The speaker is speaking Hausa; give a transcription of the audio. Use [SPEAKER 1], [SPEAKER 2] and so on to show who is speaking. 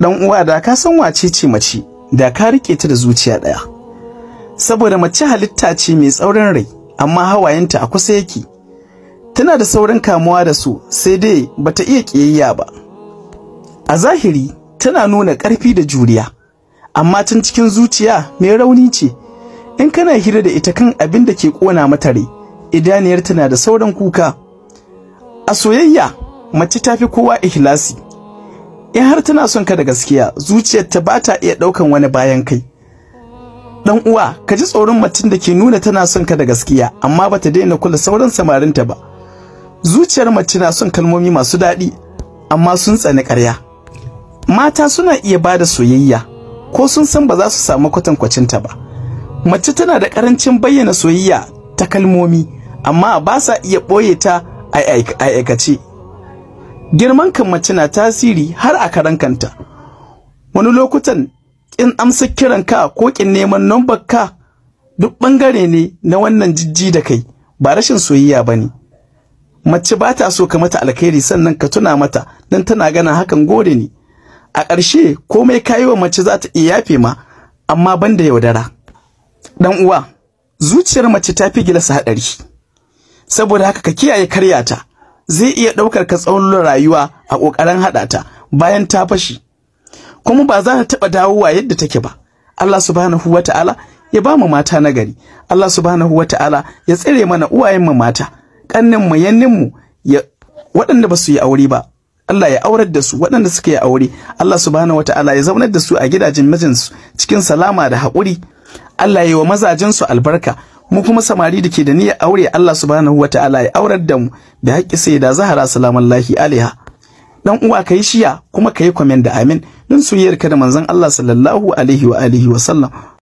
[SPEAKER 1] dan uwa da ka san wace ce mace da ka rike ta da zuciya daya saboda mace halitta ce mai tsaurin rai amma hawayenta a kusa yake tana da saurin kamuwa da su sai dai bata iya kiyayya ba a zahiri tana nuna ƙarfi da juriya amma tun cikin zuciya mai rauni ce in kana hira da ita kan abin da ke kona mata rai idaniyar tana da sauran kuka a soyayya mace tafi kowa ikhlasi in har tana son ka da gaskiya zuciyar ta bata iya ɗaukan wani bayan kai dan uwa ka ji tsoron macin da ke nuna tana son ka da gaskiya amma ba ta daina kula sauran samarinta ba zuciyar mace na son kalmomi masu daɗi amma sun tsani ƙarya mata suna iya ba da soyayya ko sun san ba za su samu ta ba mace tana da ƙarancin bayyana soyayya ta kalmomi amma ba sa iya ɓoye ta a aikace girman kan mace na tasiri har a karan kanta wani lokutan in amsa kiran ka ko kin neman nambar ka duk bangare ne na wannan jijji da kai ba rashin soyayya bane mace ba ta so ka mata alkhairi sannan ka tuna mata dan tana gana hakan gore ne a ƙarshe komai kayi wa mace za ta iya yafe ma amma banda yaudara dan uwa zuciyar mace ta fi gilasa haɗari. saboda haka ka kiyaye karyata zai iya ɗaukar ka tsawon rayuwa a ƙoƙarin haɗa ta bayan ta fashi kuma ba za ta taɓa dawowa yadda take ba Allah subhanahu wa ta'ala ya ba mu mata nagari. gari Allah subhanahu wa ta'ala ya tsire mana uwayenmu mata ƙanninmu yanninmu ya waɗanda ba su yi aure ba Allah ya aurar da su waɗanda suka yi aure Allah subhanahu wa ta'ala ya zaunar da su a gidajen mijinsu cikin salama da haƙuri Allah ya yi wa mazajensu albarka mu kuma samari da ke da niyyar aure Allah subhanahu ta'ala ya aurar da mu da haƙƙi sai da Zahra lahi alaiha dan uwa kai shiya kuma kai comment da amin don soyayyar ka da manzon Allah sallallahu alaihi wa alihi wa sallam